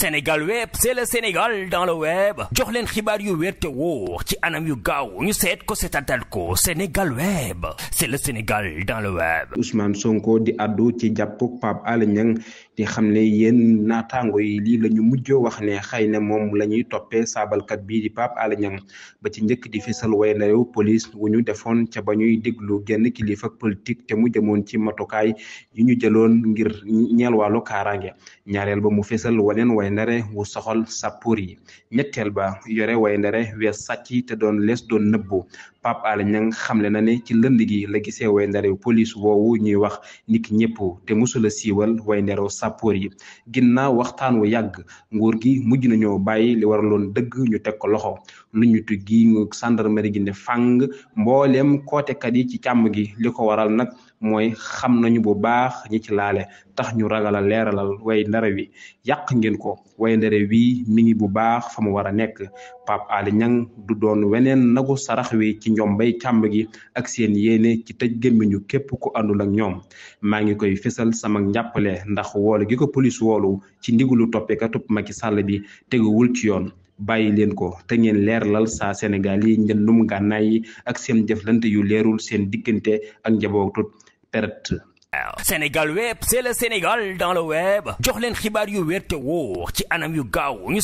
Sénégal web c'est le Sénégal dans la web jox leen xibaar yu wér te wóor ci anam yu gaaw ñu seet ko seetaanal ko Sénégal web c'est le Sénégal dans le web. Ousmane Sonko di addu ci jàppug paap Alé Niang di xam ne yéen naataango yi lii lañu ñu mujjoo wax ne xëy na moom la ñuy toppee saabalkat bii di Pape Alé Niang ba ci njëkk di fésal way na réew police wu ñu defoon ca ba ñuy déglu genn kilifa politique te mu jëmoon ci matukaay yu ñu jëloon ngir ñeel wàllu kaaraange ñaareel ba mu wayndare wu soxol sappoor yi ñetteel ba yore wayndare weer sàcc te doon les doon nëbbu pap Alé Niang xamle na ne ci lënd gi la gisé way ndare police woowu ñuy wax nit ñëpp te la siwal way ndero sapor yi ginna waxtaan wu yàgg nguur gi mujj nañoo bayyi li waraloon dëgg ñu tek ko loxo lu ñu gi ngi gendarmerie gi ne fang côté kat yi ci cham gi liko waral nak moy xam nañu bu baax ñi ci laalé tax ñu ragala léralal way ndare wi yaq ngeen ko way ndare wi mi ngi bu baax fa mu wara nekk du doon wenen nagu sarax wi ci njombay kàmb gi ak seen yéene ci tëj gémmiñu képp ku àndul ak ñoom maa ngi koy fesal sama njàppale ndax woolu gi ko police woolu ci ndigalu toppikatub Macky sàll bi teguwul ci yoon bàyyi leen ko te ngeen leer lal saa Sénégal yi njëndum gànnaay yi ak seen jëflante yu leerul seen diggante ak njabootut perte Sénégal web c'est le Sénégal dans xibaar yu wér te wóor yu gaaw ñu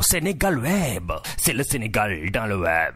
Sénégal web c'est le Sénégal dans le web